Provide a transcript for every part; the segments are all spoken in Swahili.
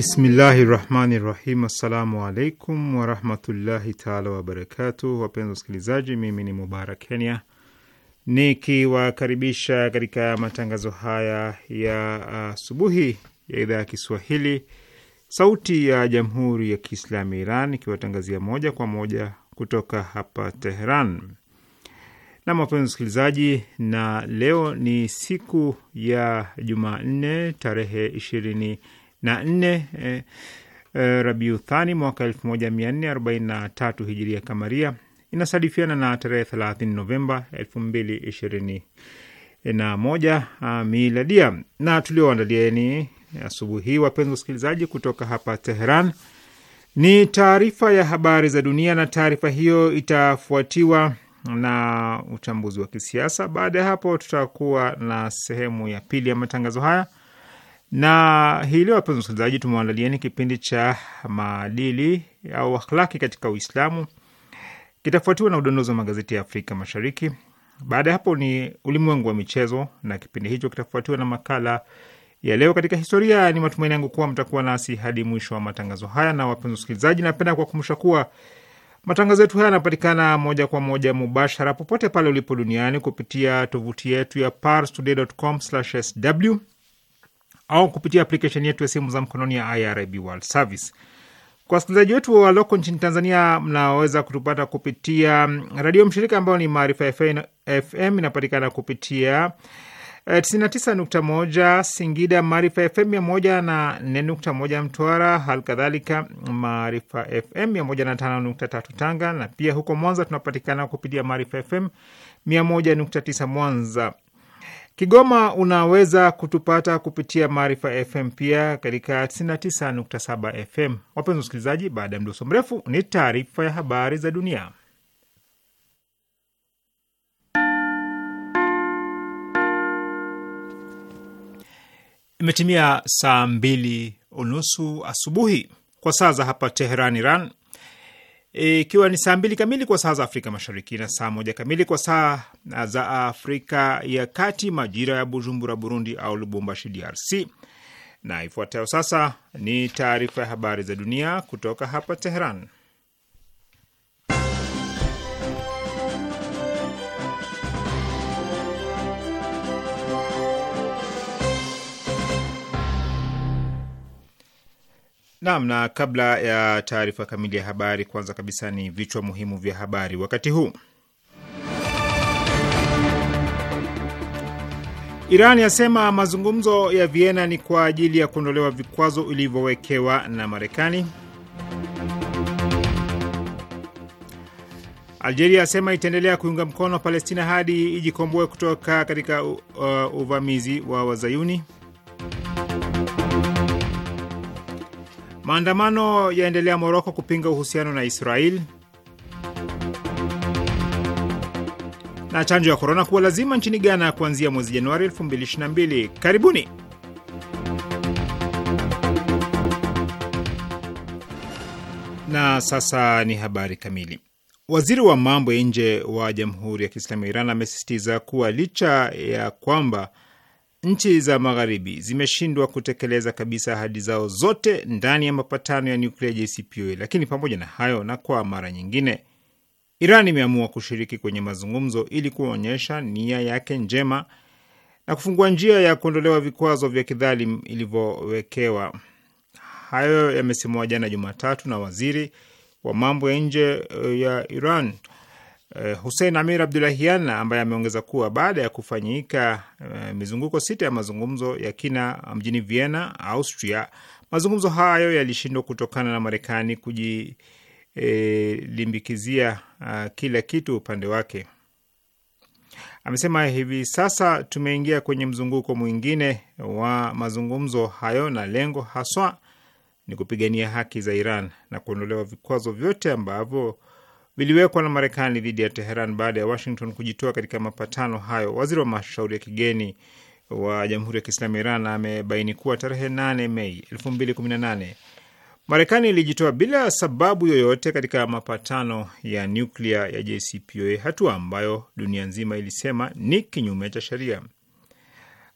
Bismillahi rahmani rahim. Assalamu alaikum warahmatullahi taala wabarakatuh. Wapenzi wasikilizaji, mimi ni Mubarak Kenya nikiwakaribisha katika matangazo haya ya asubuhi uh, ya idhaa ya Kiswahili sauti ya jamhuri ya Kiislamu ya Iran ikiwatangazia moja kwa moja kutoka hapa Teheran. Nam, wapenzi wasikilizaji, na leo ni siku ya Jumanne tarehe ishirini na nne e, eh, e, eh, Rabiuthani mwaka elfu moja mia nne arobaini na tatu hijiria kamaria inasadifiana na tarehe thelathini Novemba elfu mbili ishirini na moja ah, miladia. Na tulioandalieni asubuhi hii, wapenzi wasikilizaji, kutoka hapa Teheran ni taarifa ya habari za dunia, na taarifa hiyo itafuatiwa na uchambuzi wa kisiasa. Baada ya hapo, tutakuwa na sehemu ya pili ya matangazo haya na hii leo, wapenzi wasikilizaji, tumewaandalieni kipindi cha maadili au akhlaki katika Uislamu, kitafuatiwa na udondozi wa magazeti ya Afrika Mashariki. Baada ya hapo ni ulimwengu wa michezo, na kipindi hicho kitafuatiwa na makala ya leo katika historia. Ni matumaini yangu kuwa mtakuwa nasi hadi mwisho wa matangazo haya. Na wapenzi wasikilizaji, napenda kuwakumbusha kuwa matangazo yetu haya yanapatikana moja kwa moja mubashara popote pale ulipo duniani kupitia tovuti yetu ya parstoday.com/sw au kupitia aplikesheni yetu ya simu za mkononi ya IRIB World Service. Kwa wasikilizaji wetu waloko nchini Tanzania, mnaweza kutupata kupitia redio mshirika ambayo ni Maarifa FM, inapatikana kupitia 99.1 eh, Singida, Maarifa FM 104.1 Mtwara, hali kadhalika Maarifa FM 105.3 Tanga, na pia huko Mwanza tunapatikana kupitia Maarifa FM 101.9 Mwanza. Kigoma unaweza kutupata kupitia Maarifa FM pia katika 99.7 FM. Wapenzi wasikilizaji, baada ya mdoso mrefu ni taarifa ya habari za dunia. Imetimia saa mbili unusu asubuhi kwa saa za hapa Teheran, Iran, ikiwa e, ni saa mbili kamili kwa saa za Afrika Mashariki na saa moja kamili kwa saa za Afrika ya Kati, majira ya Bujumbura, Burundi, au Lubumbashi, DRC. Na ifuatayo sasa ni taarifa ya habari za dunia kutoka hapa Teheran. Naam, na kabla ya taarifa kamili ya habari, kwanza kabisa ni vichwa muhimu vya habari wakati huu. Iran yasema mazungumzo ya Vienna ni kwa ajili ya kuondolewa vikwazo vilivyowekewa na Marekani. Algeria yasema itaendelea kuiunga mkono Palestina hadi ijikomboe kutoka katika uh, uvamizi wa Wazayuni. Maandamano yaendelea Moroko kupinga uhusiano na Israel. Na chanjo ya korona kuwa lazima nchini Ghana kuanzia mwezi Januari 2022. Karibuni. Na sasa ni habari kamili. Waziri wa mambo ya nje wa Jamhuri ya Kiislamu ya Iran amesisitiza kuwa licha ya kwamba nchi za magharibi zimeshindwa kutekeleza kabisa ahadi zao zote ndani ya mapatano ya nuklia JCPOA. Lakini pamoja na hayo, na kwa mara nyingine, Iran imeamua kushiriki kwenye mazungumzo ili kuonyesha nia yake njema na kufungua njia ya kuondolewa vikwazo vya kidhalimu ilivyowekewa. Hayo yamesemwa jana Jumatatu na waziri wa mambo ya nje ya Iran Eh, Hussein Amir Abdulahian ambaye ameongeza kuwa baada ya kufanyika uh, mizunguko sita ya mazungumzo ya kina um, mjini Vienna, Austria, mazungumzo hayo yalishindwa kutokana na Marekani kujilimbikizia eh, uh, ah, kila kitu upande wake. Amesema hivi sasa tumeingia kwenye mzunguko mwingine wa mazungumzo hayo, na lengo haswa ni kupigania haki za Iran na kuondolewa vikwazo vyote ambavyo viliwekwa na Marekani dhidi ya Teheran baada ya Washington kujitoa katika mapatano hayo. Waziri wa mashauri ya kigeni wa Jamhuri ya Kiislamu ya Iran amebaini kuwa tarehe 8 Mei 2018 Marekani ilijitoa bila sababu yoyote katika mapatano ya nyuklia ya JCPOA, hatua ambayo dunia nzima ilisema ni kinyume cha sheria.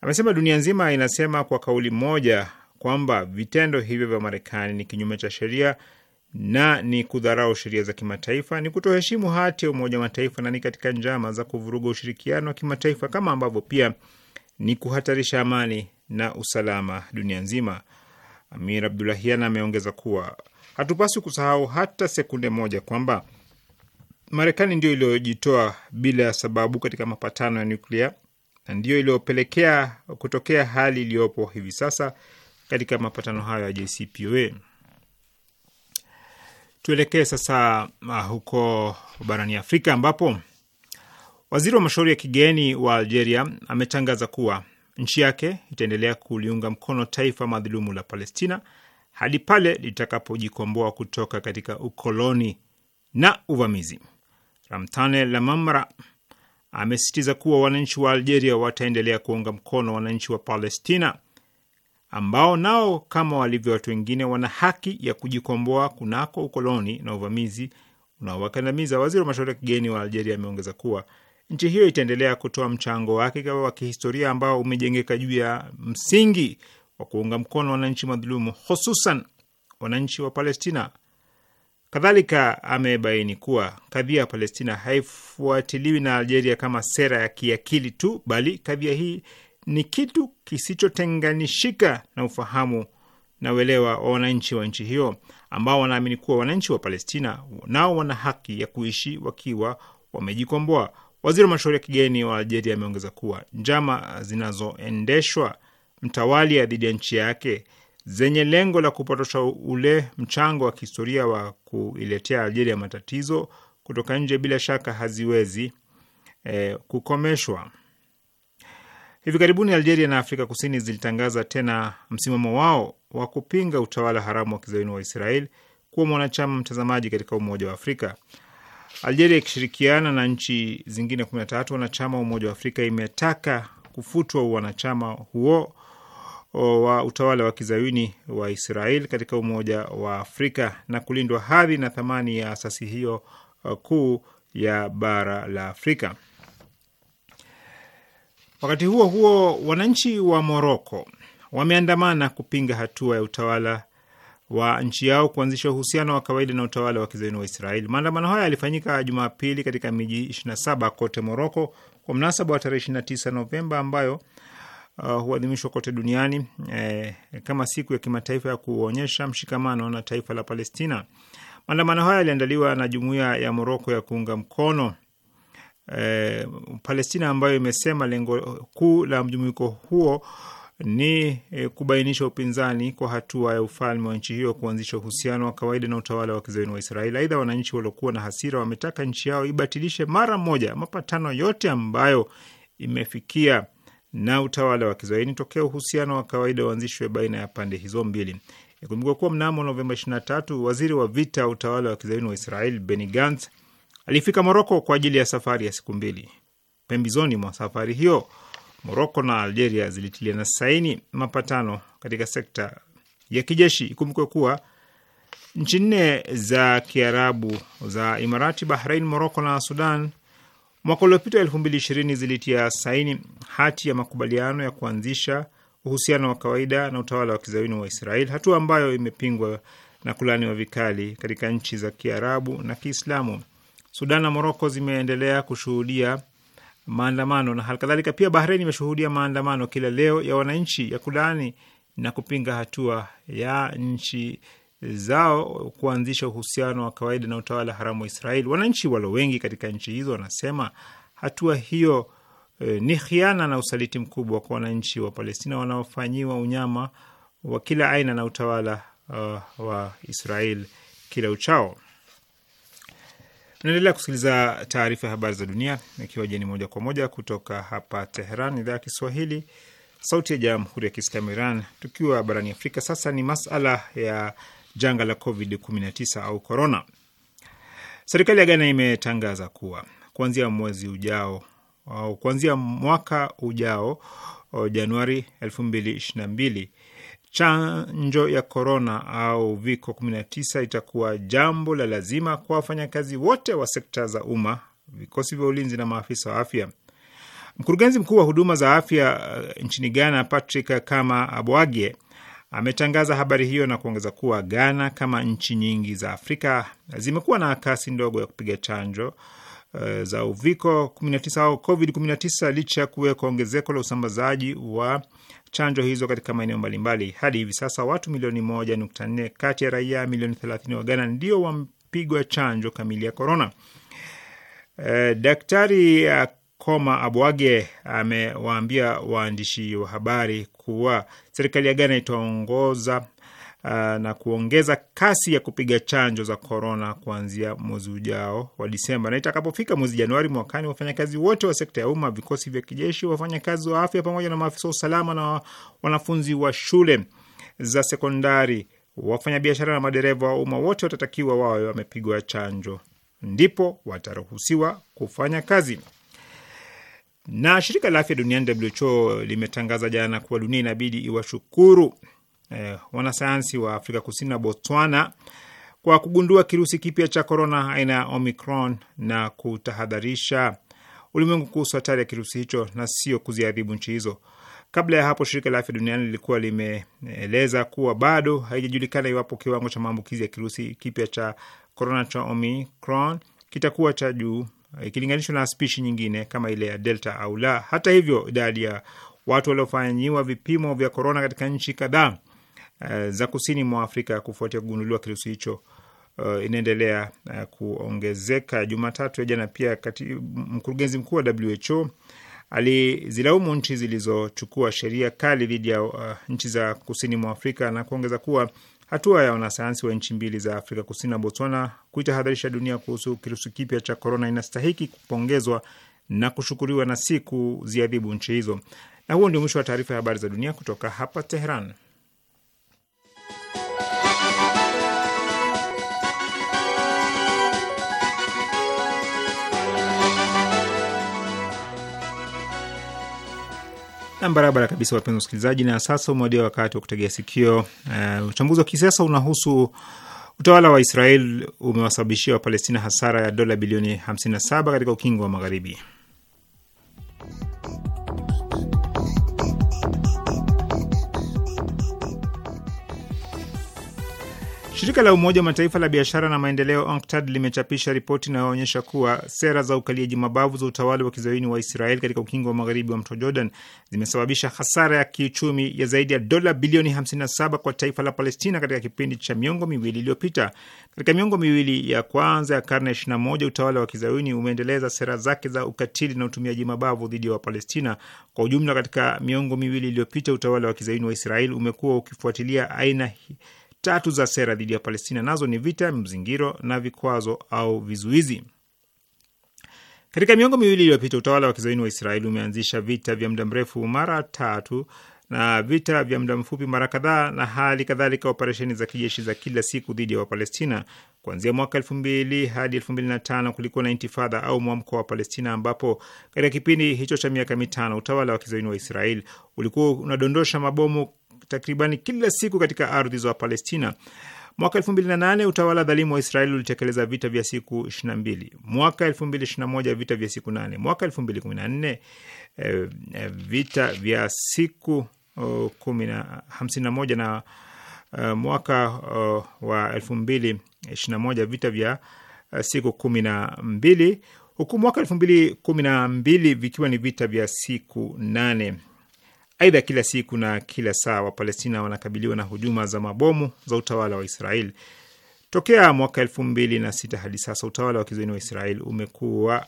Amesema dunia nzima inasema kwa kauli moja kwamba vitendo hivyo vya Marekani ni kinyume cha sheria na ni kudharau sheria za kimataifa, ni kutoheshimu hati ya Umoja wa Mataifa na ni katika njama za kuvuruga ushirikiano wa kimataifa, kama ambavyo pia ni kuhatarisha amani na usalama dunia nzima. Amir Abdulahian ameongeza kuwa hatupaswi kusahau hata sekunde moja kwamba Marekani ndiyo iliyojitoa bila sababu katika mapatano ya nuklia na ndiyo iliyopelekea kutokea hali iliyopo hivi sasa katika mapatano hayo ya JCPOA. Tuelekee sasa ah, huko barani Afrika ambapo waziri wa mashauri ya kigeni wa Algeria ametangaza kuwa nchi yake itaendelea kuliunga mkono taifa madhulumu la Palestina hadi pale litakapojikomboa kutoka katika ukoloni na uvamizi. Ramtane Lamamra amesisitiza kuwa wananchi wa Algeria wataendelea kuunga mkono wananchi wa Palestina ambao nao kama walivyo watu wengine wana haki ya kujikomboa kunako ukoloni na uvamizi unaowakandamiza. Waziri wa mashauri ya kigeni wa Algeria ameongeza kuwa nchi hiyo itaendelea kutoa mchango wake wa kihistoria ambao umejengeka juu ya msingi wa kuunga mkono wananchi madhulumu, hususan wananchi wa Palestina. Kadhalika amebaini kuwa kadhia ya Palestina haifuatiliwi na Algeria kama sera ya kiakili tu, bali kadhia hii ni kitu kisichotenganishika na ufahamu na uelewa wa wananchi wa nchi hiyo ambao wanaamini kuwa wananchi wa Palestina nao wana haki ya kuishi wakiwa wamejikomboa. Waziri wa mashauri ya kigeni wa Algeria ameongeza kuwa njama zinazoendeshwa mtawalia dhidi ya nchi yake zenye lengo la kupotosha ule mchango wa kihistoria wa kuiletea Algeria matatizo kutoka nje bila shaka haziwezi eh, kukomeshwa. Hivi karibuni Algeria na Afrika Kusini zilitangaza tena msimamo wao wa kupinga utawala haramu wa kizayuni wa Israel kuwa mwanachama mtazamaji katika Umoja wa Afrika. Algeria ikishirikiana na nchi zingine 13 wanachama wa Umoja wa Afrika imetaka kufutwa wanachama huo wa utawala wa kizayuni wa Israel katika Umoja wa Afrika na kulindwa hadhi na thamani ya asasi hiyo kuu ya bara la Afrika. Wakati huo huo, wananchi wa Moroko wameandamana kupinga hatua ya utawala wa nchi yao kuanzisha uhusiano wa kawaida na utawala wa kizayuni wa Israeli. Maandamano haya yalifanyika Jumapili katika miji 27 kote Moroko kwa mnasaba wa tarehe 29 Novemba ambayo uh, huadhimishwa kote duniani eh, kama siku ya kimataifa ya kuonyesha mshikamano na taifa la Palestina. Maandamano haya yaliandaliwa na jumuiya ya Moroko ya kuunga mkono Eh, Palestina ambayo imesema lengo kuu la mjumuiko huo ni eh, kubainisha upinzani kwa hatua ya ufalme wa nchi hiyo kuanzisha uhusiano wa kawaida na utawala wa kizayuni wa Israeli. Aidha, wananchi waliokuwa na hasira wametaka nchi yao ibatilishe mara moja mapatano yote ambayo imefikia na utawala wa kizayuni tokea uhusiano wa kawaida uanzishwe baina ya pande hizo mbili. Ikumbukwe kuwa mnamo Novemba 23 waziri wa vita utawala wa kizayuni wa Israeli Benny Gantz Alifika Moroko kwa ajili ya safari ya siku mbili. Pembizoni mwa safari hiyo, Moroko na Algeria na saini mapatano katika sekta ya kijeshi. Ikumbukwe kuwa nchi nne za Kiarabu za Imarati, Bahrain, Moroko na Sudan mwaka uliopita elfu mbili ishirini zilitia saini hati ya makubaliano ya kuanzisha uhusiano wa kawaida na utawala wa kizawini wa Israel, hatua ambayo imepingwa na wa vikali katika nchi za Kiarabu na Kiislamu. Sudan na Moroko zimeendelea kushuhudia maandamano na halikadhalika pia Bahrein imeshuhudia maandamano kila leo ya wananchi ya kulaani na kupinga hatua ya nchi zao kuanzisha uhusiano wa kawaida na utawala haramu wa Israeli. Wananchi walo wengi katika nchi hizo wanasema hatua hiyo e, ni khiana na usaliti mkubwa kwa wananchi wa Palestina wanaofanyiwa unyama wa kila aina na utawala uh, wa Israeli kila uchao naendelea kusikiliza taarifa ya habari za dunia, ikiwa jeni moja kwa moja kutoka hapa Teheran, idhaa ya Kiswahili, sauti ya jamhuri ya kiislamu Iran. Tukiwa barani Afrika sasa, ni masala ya janga la COVID-19 au corona Serikali ya Ghana imetangaza kuwa kuanzia mwezi ujao au kuanzia mwaka ujao Januari mbili chanjo ya korona au uviko 19 itakuwa jambo la lazima kwa wafanyakazi wote wa sekta za umma, vikosi vya ulinzi na maafisa wa afya. Mkurugenzi mkuu wa huduma za afya uh, nchini Ghana, Patrick Kama Abwage, ametangaza habari hiyo na kuongeza kuwa Ghana kama nchi nyingi za Afrika zimekuwa na kasi ndogo ya kupiga chanjo uh, za uviko 19 au COVID 19 licha ya kuweka ongezeko la usambazaji wa chanjo hizo katika maeneo mbalimbali. Hadi hivi sasa watu milioni moja nukta nne kati ya raia milioni thelathini wa Ghana ndio wampigwa chanjo kamili ya korona. E, eh, Daktari Koma Abwage amewaambia waandishi wa habari kuwa serikali ya Ghana itaongoza uh, na kuongeza kasi ya kupiga chanjo za korona kuanzia mwezi ujao wa Disemba, na itakapofika mwezi Januari mwakani, wafanyakazi wote wa sekta ya umma, vikosi vya kijeshi, wafanyakazi wa afya, pamoja na maafisa wa usalama na wanafunzi wa shule za sekondari, wafanyabiashara na madereva wa umma, wote watatakiwa wawe wamepigwa chanjo, ndipo wataruhusiwa kufanya kazi. Na shirika la afya duniani WHO limetangaza jana kuwa dunia inabidi iwashukuru eh, wanasayansi wa Afrika Kusini na Botswana kwa kugundua kirusi kipya cha korona aina ya Omicron na kutahadharisha ulimwengu kuhusu hatari ya kirusi hicho na sio kuziadhibu nchi hizo. Kabla ya hapo, shirika la afya duniani lilikuwa limeeleza kuwa bado haijajulikana iwapo kiwango cha maambukizi ya kirusi kipya cha korona cha Omicron kitakuwa cha juu eh, ikilinganishwa na spishi nyingine kama ile ya Delta au la. Hata hivyo, idadi ya watu waliofanyiwa vipimo vya korona katika nchi kadhaa Eh, za kusini mwa Afrika kufuatia kugunduliwa kirusi hicho uh, inaendelea uh, kuongezeka. Jumatatu ya jana pia kati, mkurugenzi mkuu wa WHO alizilaumu nchi zilizochukua sheria kali dhidi ya uh, nchi za kusini mwa Afrika na kuongeza kuwa hatua ya wanasayansi wa nchi mbili za Afrika Kusini na Botswana kuitahadharisha dunia kuhusu kirusi kipya cha korona inastahiki kupongezwa na kushukuriwa na si kuziadhibu nchi hizo. Na huo ndio mwisho wa taarifa ya habari za dunia kutoka hapa Teheran. Nam, barabara kabisa, wapenzi wasikilizaji, na sasa umewadia wakati wa kutegea sikio. Eh, uchambuzi uh, wa kisiasa unahusu utawala wa Israel umewasababishia Wapalestina hasara ya dola bilioni 57 katika ukingo wa Magharibi. Shirika la Umoja wa Mataifa la biashara na maendeleo UNCTAD limechapisha ripoti inayoonyesha kuwa sera za ukaliaji mabavu za utawala wa kizayuni wa Israel katika ukingo wa magharibi wa mto Jordan zimesababisha hasara ya kiuchumi ya zaidi ya dola bilioni 57 kwa taifa la Palestina katika kipindi cha miongo miwili iliyopita. Katika miongo miwili ya kwanza ya karne ya 21 utawala wa kizayuni umeendeleza sera zake za ukatili na utumiaji mabavu dhidi ya wa Wapalestina kwa ujumla. Katika miongo miwili iliyopita utawala wa kizayuni wa Israel umekuwa ukifuatilia aina tatu za sera dhidi ya Palestina, nazo ni vita, mzingiro na vikwazo au vizuizi. Katika miongo miwili iliyopita, utawala wa kizaini wa Israeli umeanzisha vita vya muda mrefu mara tatu na vita vya muda mfupi mara kadhaa na hali kadhalika operesheni za kijeshi za kila siku dhidi ya Wapalestina. Kuanzia mwaka elfu mbili hadi elfu mbili na tano kulikuwa na intifadha au mwamko wa Palestina, ambapo katika kipindi hicho cha miaka mitano utawala wa kizaini wa Israeli ulikuwa unadondosha mabomu takribani kila siku katika ardhi za Palestina. Mwaka 2008 utawala dhalimu wa Israeli ulitekeleza vita vya siku 22, mwaka 2021 vita vya siku 8, mwaka 2014 eh, eh, vita vya siku uh, 51 na uh, mwaka uh, wa 2021 vita vya uh, siku 12 huku mwaka kumi na mbili vikiwa ni vita vya siku nane Aidha, kila siku na kila saa Wapalestina wanakabiliwa na hujuma za mabomu za utawala wa Israel. Tokea mwaka elfu mbili na sita hadi sasa utawala wa kizayuni wa Israel umekuwa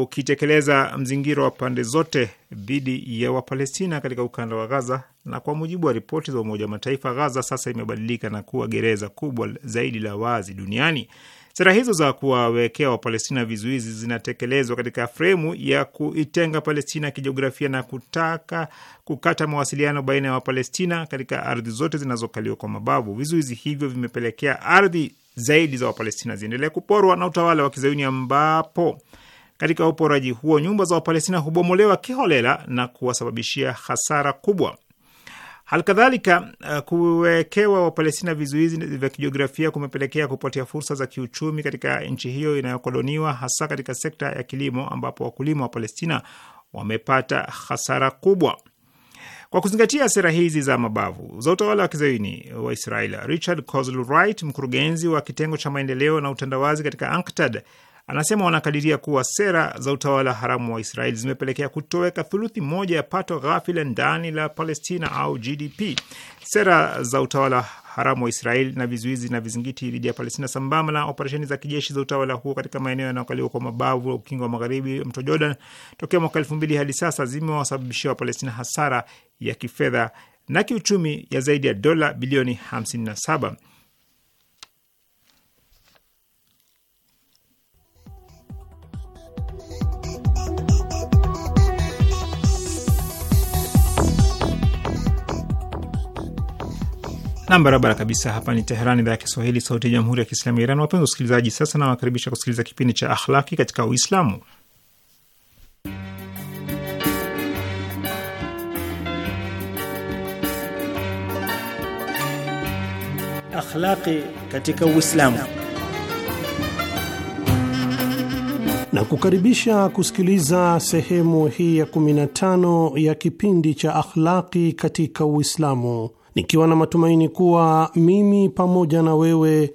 ukitekeleza mzingiro wa pande zote dhidi ya Wapalestina katika ukanda wa Gaza, na kwa mujibu wa ripoti za Umoja wa Mataifa, Gaza sasa imebadilika na kuwa gereza kubwa zaidi la wazi duniani. Sera hizo za kuwawekea Wapalestina vizuizi zinatekelezwa katika fremu ya kuitenga Palestina kijiografia na kutaka kukata mawasiliano baina ya Wapalestina katika ardhi zote zinazokaliwa kwa mabavu. Vizuizi hivyo vimepelekea ardhi zaidi za Wapalestina ziendelee kuporwa na utawala wa kizayuni ambapo katika uporaji huo nyumba za Wapalestina hubomolewa kiholela na kuwasababishia hasara kubwa. Alkadhalika, uh, kuwekewa Wapalestina vizuizi vya kijiografia kumepelekea kupotea fursa za kiuchumi katika nchi hiyo inayokoloniwa, hasa katika sekta ya kilimo, ambapo wakulima wa Palestina wamepata hasara kubwa. Kwa kuzingatia sera hizi za mabavu za utawala wa kizayuni wa Israel, Richard Kozlwright, mkurugenzi wa kitengo cha maendeleo na utandawazi katika UNCTAD, Anasema wanakadiria kuwa sera za utawala haramu wa Israeli zimepelekea kutoweka thuluthi moja ya pato ghafi la ndani la Palestina au GDP. Sera za utawala haramu wa Israeli na vizuizi na vizingiti dhidi ya Palestina sambamba na operesheni za kijeshi za utawala huo katika maeneo yanayokaliwa kwa mabavu wa ukingo wa magharibi, mto Jordan, tokea mwaka elfu mbili hadi sasa zimewasababishia Wapalestina hasara ya kifedha na kiuchumi ya zaidi ya dola bilioni 57. Nam barabara kabisa. Hapa ni Teherani, idhaa ya Kiswahili, sauti ya jamhuri ya kiislamu ya Iran. Wapenzi wasikilizaji, sasa nawakaribisha kusikiliza kipindi cha Akhlaki katika Uislamu. Akhlaki katika Uislamu na kukaribisha kusikiliza sehemu hii ya 15 ya kipindi cha Akhlaki katika Uislamu nikiwa na matumaini kuwa mimi pamoja na wewe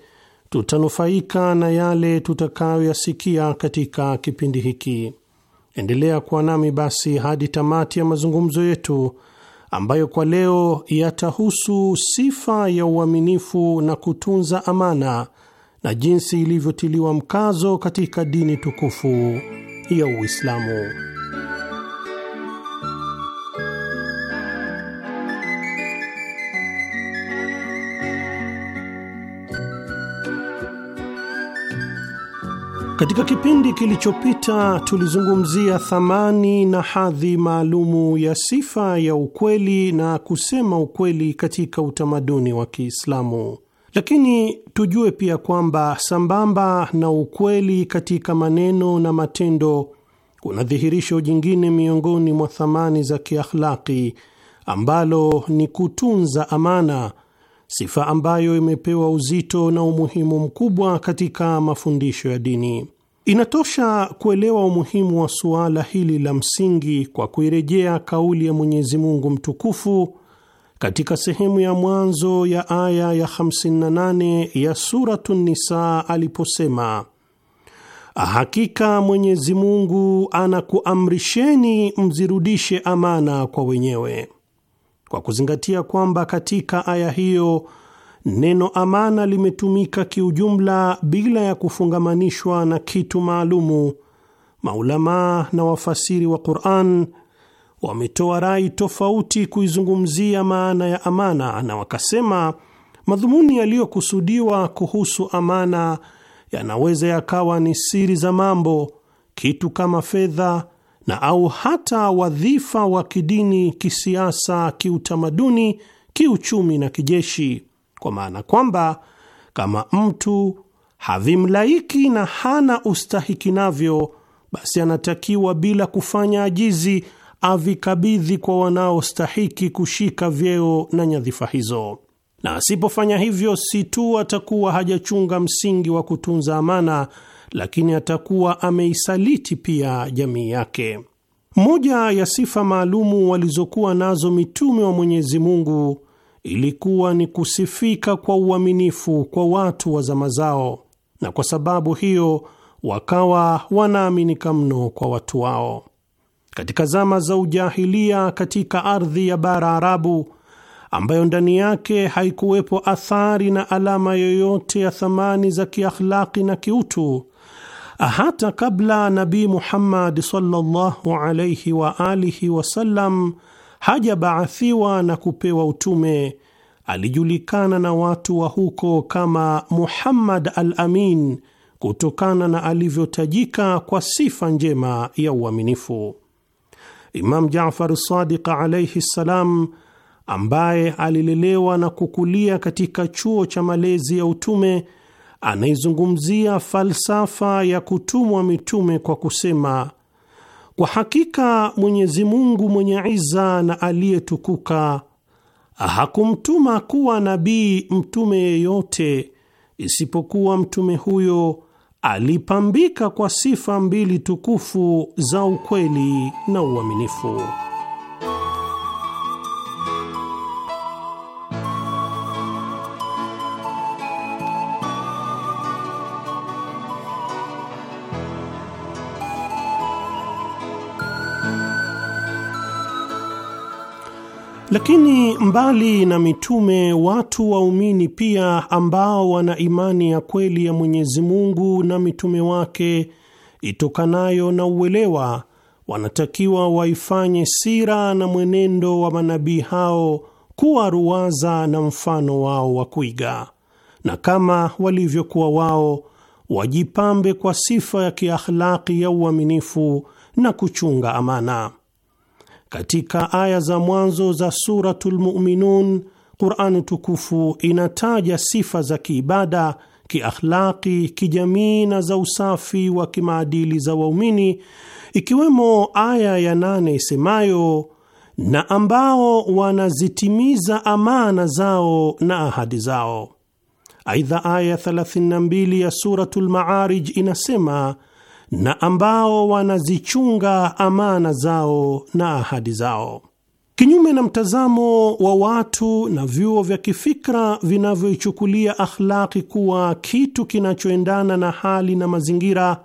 tutanufaika na yale tutakayoyasikia katika kipindi hiki. Endelea kuwa nami basi hadi tamati ya mazungumzo yetu ambayo kwa leo yatahusu sifa ya uaminifu na kutunza amana na jinsi ilivyotiliwa mkazo katika dini tukufu ya Uislamu. Katika kipindi kilichopita tulizungumzia thamani na hadhi maalumu ya sifa ya ukweli na kusema ukweli katika utamaduni wa Kiislamu. Lakini tujue pia kwamba sambamba na ukweli katika maneno na matendo, kuna dhihirisho jingine miongoni mwa thamani za kiakhlaki ambalo ni kutunza amana sifa ambayo imepewa uzito na umuhimu mkubwa katika mafundisho ya dini. Inatosha kuelewa umuhimu wa suala hili la msingi kwa kuirejea kauli ya Mwenyezi Mungu mtukufu katika sehemu ya mwanzo ya aya ya 58 ya Suratu Nisa aliposema, hakika Mwenyezi Mungu anakuamrisheni mzirudishe amana kwa wenyewe kwa kuzingatia kwamba katika aya hiyo neno amana limetumika kiujumla bila ya kufungamanishwa na kitu maalumu. Maulamaa na wafasiri wa Qur'an wametoa rai tofauti kuizungumzia maana ya amana, na wakasema madhumuni yaliyokusudiwa kuhusu amana yanaweza yakawa ni siri za mambo, kitu kama fedha, na au hata wadhifa wa kidini, kisiasa, kiutamaduni, kiuchumi na kijeshi, kwa maana kwamba kama mtu havimlaiki na hana ustahiki navyo, basi anatakiwa bila kufanya ajizi avikabidhi kwa wanaostahiki kushika vyeo na nyadhifa hizo, na asipofanya hivyo, si tu atakuwa hajachunga msingi wa kutunza amana lakini atakuwa ameisaliti pia jamii yake. Moja ya sifa maalumu walizokuwa nazo mitume wa Mwenyezi Mungu ilikuwa ni kusifika kwa uaminifu kwa watu wa zama zao, na kwa sababu hiyo wakawa wanaaminika mno kwa watu wao. Katika zama za ujahilia, katika ardhi ya bara Arabu ambayo ndani yake haikuwepo athari na alama yoyote ya thamani za kiakhlaki na kiutu, hata kabla Nabii Muhammad sallallahu alaihi wa alihi wasallam hajabaathiwa na kupewa utume, alijulikana na watu wa huko kama Muhammad al-Amin kutokana na alivyotajika kwa sifa njema ya uaminifu. Imam Jafar Sadiq alaihi ssalam, ambaye alilelewa na kukulia katika chuo cha malezi ya utume anaizungumzia falsafa ya kutumwa mitume kwa kusema, kwa hakika Mwenyezi Mungu mwenye iza na aliyetukuka hakumtuma kuwa nabii mtume yeyote isipokuwa mtume huyo alipambika kwa sifa mbili tukufu za ukweli na uaminifu. Lakini mbali na mitume, watu waumini pia ambao wana imani ya kweli ya Mwenyezi Mungu na mitume wake itokanayo na uelewa, wanatakiwa waifanye sira na mwenendo wa manabii hao kuwa ruwaza na mfano wao wa kuiga, na kama walivyokuwa wao wajipambe kwa sifa ya kiakhlaki ya uaminifu na kuchunga amana. Katika aya za mwanzo za Suratul Muminun, Qurani tukufu inataja sifa za kiibada, kiakhlaqi, kijamii na za usafi wa kimaadili za waumini, ikiwemo aya ya nane isemayo na ambao wanazitimiza amana zao na ahadi zao. Aidha, aya 32 ya Suratul Maarij inasema na ambao wanazichunga amana zao na ahadi zao, kinyume na mtazamo wa watu na vyuo vya kifikra vinavyoichukulia akhlaki kuwa kitu kinachoendana na hali na mazingira,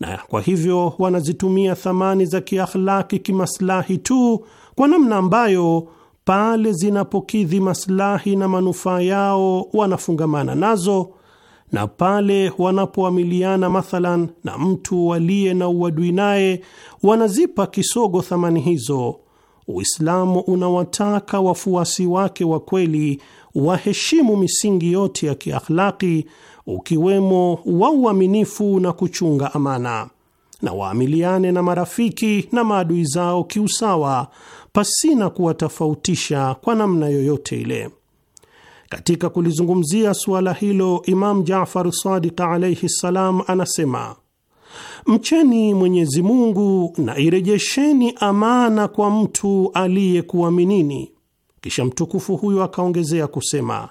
na kwa hivyo wanazitumia thamani za kiakhlaki kimaslahi tu kwa namna ambayo pale zinapokidhi maslahi na manufaa yao wanafungamana nazo na pale wanapoamiliana mathalan na mtu waliye na uadui naye, wanazipa kisogo thamani hizo. Uislamu unawataka wafuasi wake wa kweli waheshimu misingi yote ya kiakhlaki, ukiwemo wa uaminifu na kuchunga amana, na waamiliane na marafiki na maadui zao kiusawa, pasina kuwatofautisha kwa namna yoyote ile. Katika kulizungumzia suala hilo, Imam Jafar Sadiq alaihi ssalam anasema Mcheni Mwenyezi Mungu na irejesheni amana kwa mtu aliyekuaminini. Kisha mtukufu huyo akaongezea kusema,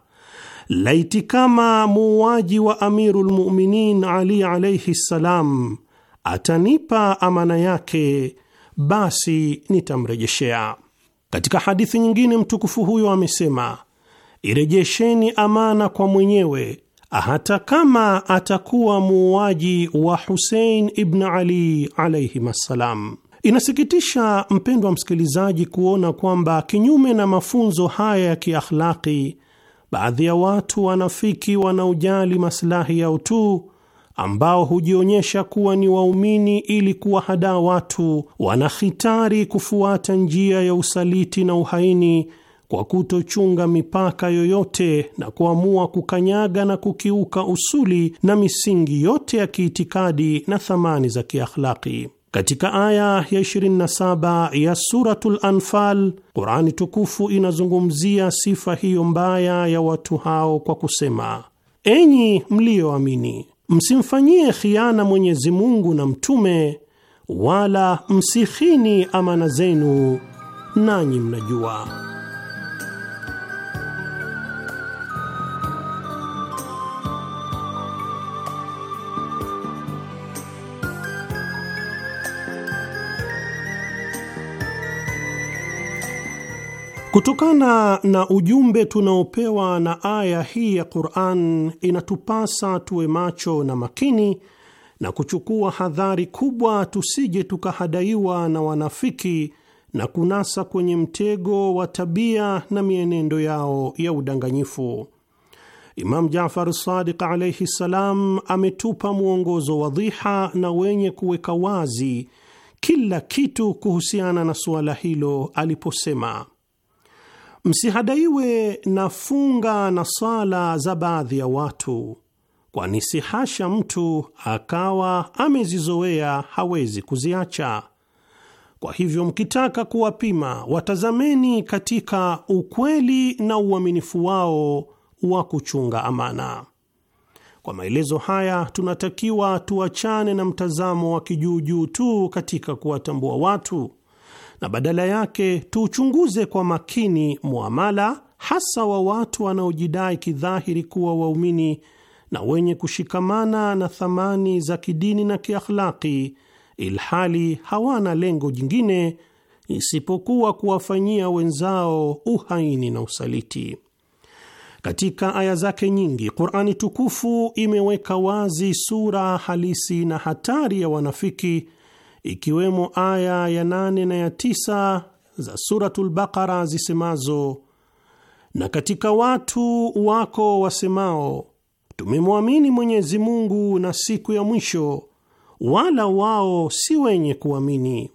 laiti kama muuaji wa amiru lmuminin Ali alayhi ssalam atanipa amana yake, basi nitamrejeshea. Katika hadithi nyingine mtukufu huyo amesema irejesheni amana kwa mwenyewe, hata kama atakuwa muuaji wa Husein ibn Ali alaihim assalam. Inasikitisha mpendwa msikilizaji, kuona kwamba kinyume na mafunzo haya ya kiakhlaki, baadhi ya watu wanafiki wanaojali masilahi yao tu, ambao hujionyesha kuwa ni waumini ili kuwahadaa watu, wanahitari kufuata njia ya usaliti na uhaini kwa kutochunga mipaka yoyote na kuamua kukanyaga na kukiuka usuli na misingi yote ya kiitikadi na thamani za kiakhlaki. Katika aya ya 27 ya Suratul Anfal, Qurani tukufu inazungumzia sifa hiyo mbaya ya watu hao kwa kusema: enyi mliyoamini, msimfanyie khiana Mwenyezi Mungu na mtume wala msihini amana zenu, nanyi mnajua Kutokana na ujumbe tunaopewa na aya hii ya Qur'an, inatupasa tuwe macho na makini na kuchukua hadhari kubwa, tusije tukahadaiwa na wanafiki na kunasa kwenye mtego wa tabia na mienendo yao ya udanganyifu. Imam Jafar Sadiq alayhi salam ametupa mwongozo wadhiha na wenye kuweka wazi kila kitu kuhusiana na suala hilo aliposema: Msihadaiwe na funga na sala za baadhi ya watu, kwani si hasha mtu akawa amezizoea hawezi kuziacha. Kwa hivyo, mkitaka kuwapima, watazameni katika ukweli na uaminifu wao wa kuchunga amana. Kwa maelezo haya, tunatakiwa tuachane na mtazamo wa kijuujuu tu katika kuwatambua watu na badala yake tuuchunguze kwa makini muamala hasa wa watu wanaojidai kidhahiri kuwa waumini na wenye kushikamana na thamani za kidini na kiakhlaki, ilhali hawana lengo jingine isipokuwa kuwafanyia wenzao uhaini na usaliti. Katika aya zake nyingi, Qur'ani tukufu imeweka wazi sura halisi na hatari ya wanafiki ikiwemo aya ya nane na ya tisa za Suratul Baqara zisemazo, na katika watu wako wasemao tumemwamini Mwenyezi Mungu na siku ya mwisho, wala wao si wenye kuamini,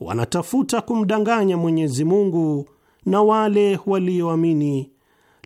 wanatafuta kumdanganya Mwenyezi Mungu na wale walioamini,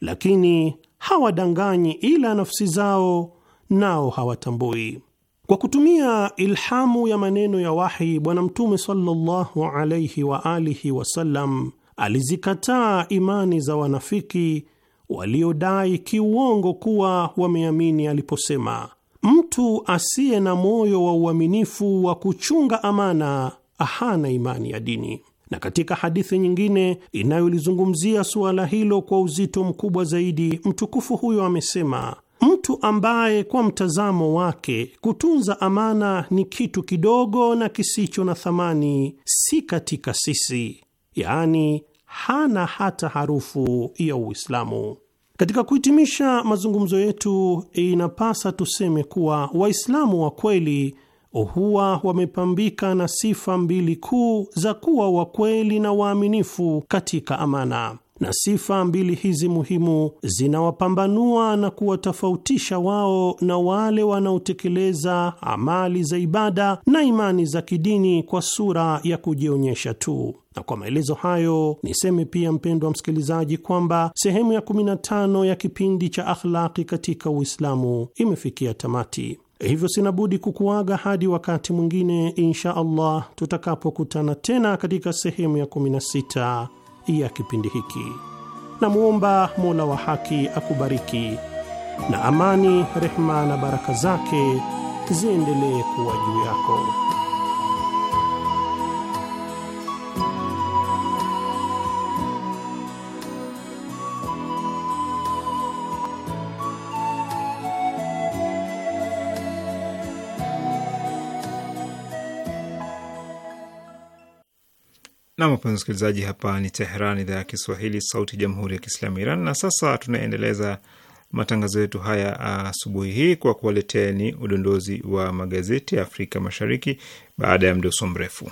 lakini hawadanganyi ila nafsi zao, nao hawatambui. Kwa kutumia ilhamu ya maneno ya wahi, Bwana Mtume sallallahu alaihi wa alihi wasallam alizikataa imani za wanafiki waliodai kiuongo kuwa wameamini aliposema, mtu asiye na moyo wa uaminifu wa kuchunga amana hana imani ya dini. Na katika hadithi nyingine inayolizungumzia suala hilo kwa uzito mkubwa zaidi, mtukufu huyo amesema Mtu ambaye kwa mtazamo wake kutunza amana ni kitu kidogo na kisicho na thamani, si katika sisi, yaani hana hata harufu ya Uislamu. Katika kuhitimisha mazungumzo yetu, inapasa tuseme kuwa Waislamu wa kweli huwa wamepambika na sifa mbili kuu za kuwa wakweli na waaminifu katika amana na sifa mbili hizi muhimu zinawapambanua na kuwatofautisha wao na wale wanaotekeleza amali za ibada na imani za kidini kwa sura ya kujionyesha tu. Na kwa maelezo hayo niseme pia, mpendwa msikilizaji, kwamba sehemu ya 15 ya kipindi cha Akhlaqi katika Uislamu imefikia tamati. Hivyo sina budi kukuaga hadi wakati mwingine insha Allah tutakapokutana tena katika sehemu ya 16 ya kipindi hiki. Namwomba Mola wa haki akubariki, na amani, rehma na baraka zake ziendelee kuwa juu yako. Na wapenzi msikilizaji, hapa ni Teheran, idhaa ya Kiswahili, sauti ya jamhuri ya kiislamu Iran. Na sasa tunaendeleza matangazo yetu haya asubuhi hii kwa kuwaleteni udondozi wa magazeti ya Afrika Mashariki baada ya mdoso mrefu.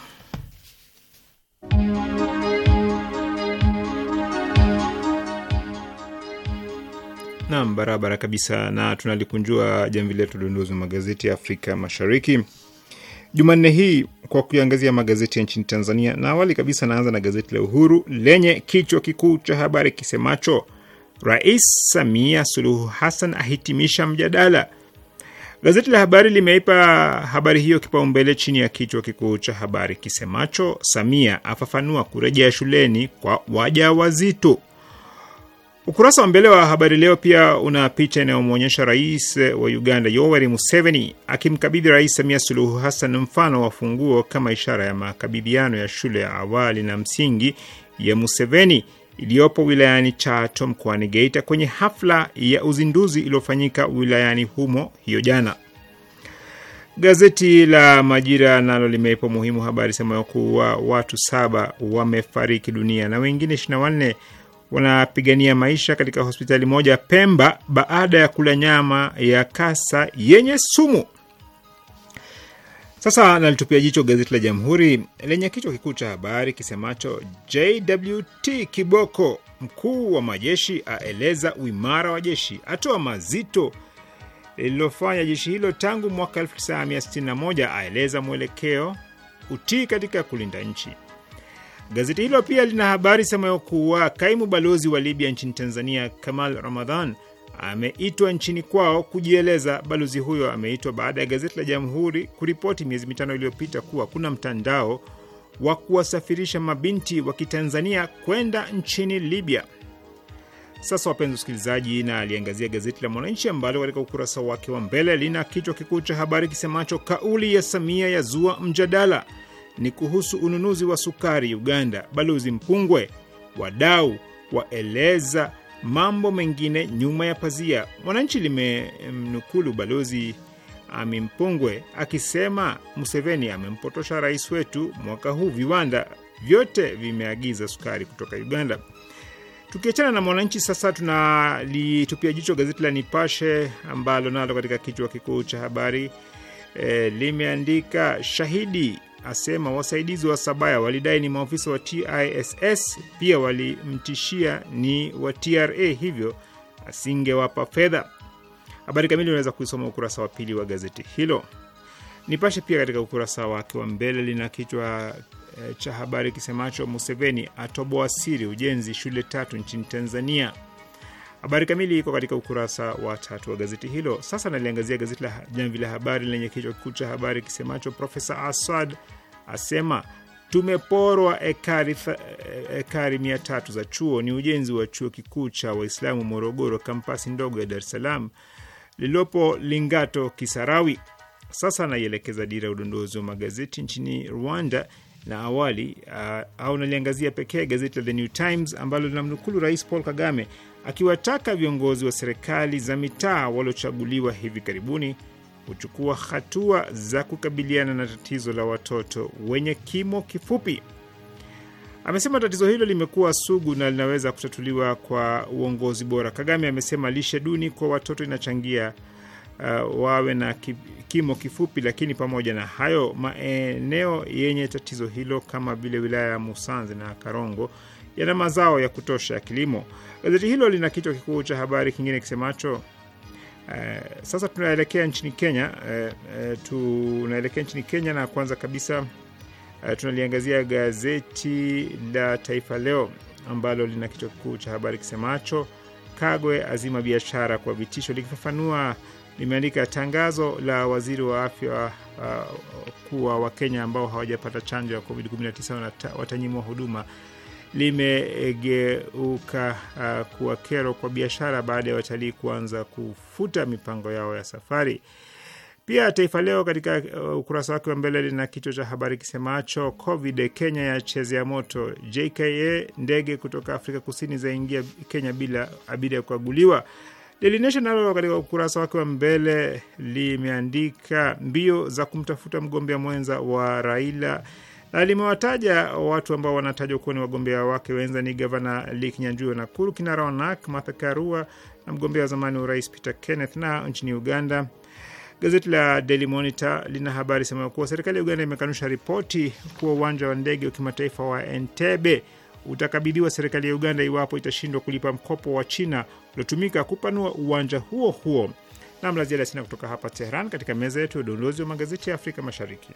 nam barabara kabisa, na tunalikunjua jamvi letu udondozi wa magazeti ya Afrika Mashariki Jumanne hii kwa kuiangazia magazeti ya nchini Tanzania, na awali kabisa naanza na gazeti la Uhuru lenye kichwa kikuu cha habari kisemacho Rais Samia Suluhu Hassan ahitimisha mjadala. Gazeti la Habari limeipa habari hiyo kipaumbele chini ya kichwa kikuu cha habari kisemacho Samia afafanua kurejea shuleni kwa wajawazito. Ukurasa wa mbele wa Habari Leo pia una picha inayomwonyesha rais eh, wa Uganda Yoweri Museveni akimkabidhi Rais Samia Suluhu Hassan mfano wa funguo kama ishara ya makabidhiano ya shule ya awali na msingi ya Museveni iliyopo wilayani Chato mkoani Geita kwenye hafla ya uzinduzi iliyofanyika wilayani humo hiyo jana. Gazeti la Majira nalo limeipa muhimu habari semayo kuwa watu saba wamefariki dunia na wengine wanne wanapigania maisha katika hospitali moja Pemba baada ya kula nyama ya kasa yenye sumu. Sasa nalitupia jicho gazeti la Jamhuri lenye kichwa kikuu cha habari kisemacho JWT Kiboko, mkuu wa majeshi aeleza uimara wa jeshi, atoa mazito lililofanya jeshi hilo tangu mwaka 1961, aeleza mwelekeo utii katika kulinda nchi. Gazeti hilo pia lina habari semayo kuwa kaimu balozi wa Libya nchini Tanzania Kamal Ramadhan ameitwa nchini kwao kujieleza. Balozi huyo ameitwa baada ya gazeti la Jamhuri kuripoti miezi mitano iliyopita kuwa kuna mtandao wa kuwasafirisha mabinti wa Kitanzania kwenda nchini Libya. Sasa wapenzi wasikilizaji, na aliangazia gazeti la Mwananchi ambalo katika ukurasa wake wa mbele lina kichwa kikuu cha habari kisemacho kauli ya Samia ya zua mjadala ni kuhusu ununuzi wa sukari Uganda. Balozi Mpungwe, wadau waeleza mambo mengine nyuma ya pazia. Mwananchi limemnukulu balozi Ami Mpungwe akisema Museveni amempotosha rais wetu mwaka huu, viwanda vyote vimeagiza sukari kutoka Uganda. Tukiachana na Mwananchi, sasa tunalitupia jicho gazeti la Nipashe ambalo nalo katika kichwa kikuu cha habari e, limeandika shahidi asema wasaidizi wa Sabaya walidai ni maofisa wa TISS, pia walimtishia ni wa TRA, hivyo asingewapa fedha. Habari kamili unaweza kuisoma ukurasa wa pili wa gazeti hilo. Nipashe pia katika ukurasa wake wa mbele lina kichwa eh, cha habari kisemacho Museveni atoboa siri ujenzi shule tatu nchini Tanzania. Habari kamili iko katika ukurasa wa tatu wa gazeti hilo. Sasa naliangazia gazeti la Jamvi la Habari lenye kichwa kikuu cha habari kisemacho Profesa Asad asema tumeporwa ekari, ekari mia tatu za chuo. Ni ujenzi wa chuo kikuu cha Waislamu Morogoro, kampasi ndogo ya Dar es Salaam lililopo Lingato Kisarawi. Sasa naielekeza dira ya udondozi wa magazeti nchini Rwanda la awali uh, au naliangazia pekee gazeti la The New Times ambalo linamnukulu Rais Paul Kagame akiwataka viongozi wa serikali za mitaa waliochaguliwa hivi karibuni kuchukua hatua za kukabiliana na tatizo la watoto wenye kimo kifupi. Amesema tatizo hilo limekuwa sugu na linaweza kutatuliwa kwa uongozi bora. Kagame amesema lishe duni kwa watoto inachangia uh, wawe na kimo kifupi. Lakini pamoja na hayo, maeneo yenye tatizo hilo kama vile wilaya ya Musanze na Karongo yana mazao ya kutosha ya kilimo. Gazeti hilo lina kichwa kikuu cha habari kingine kisemacho Uh, sasa tunaelekea nchini Kenya. Uh, uh, tunaelekea nchini Kenya na kwanza kabisa uh, tunaliangazia gazeti la Taifa Leo ambalo lina kichwa kikuu cha habari kisemacho Kagwe azima biashara kwa vitisho. Likifafanua limeandika tangazo la waziri wa afya uh, kuwa Wakenya ambao hawajapata chanjo ya COVID-19 watanyimwa huduma limegeuka uh, kuwa kero kwa biashara baada ya watalii kuanza kufuta mipango yao ya safari. Pia Taifa Leo katika uh, ukurasa wake wa mbele lina kichwa cha habari kisemacho Covid Kenya ya chezea moto, JKA ndege kutoka Afrika Kusini zaingia Kenya bila abiri ya kukaguliwa. Daily Nation nalo katika ukurasa wake wa mbele limeandika mbio za kumtafuta mgombea mwenza wa Raila na limewataja watu ambao wanatajwa kuwa ni wagombea wake wenza ni gavana Lee Kinyanjui wa Nakuru, kinara wa NAK Martha Karua na mgombea wa zamani wa urais Peter Kenneth. Na nchini Uganda, gazeti la Daily Monitor lina habari sema kuwa serikali ya Uganda imekanusha ripoti kuwa uwanja wa ndege wa kimataifa wa Entebbe utakabidhiwa serikali ya Uganda iwapo itashindwa kulipa mkopo wa China uliotumika kupanua uwanja huo huo. Nam la ziada sina kutoka hapa Teheran, katika meza yetu ya udondozi wa magazeti ya Afrika Mashariki.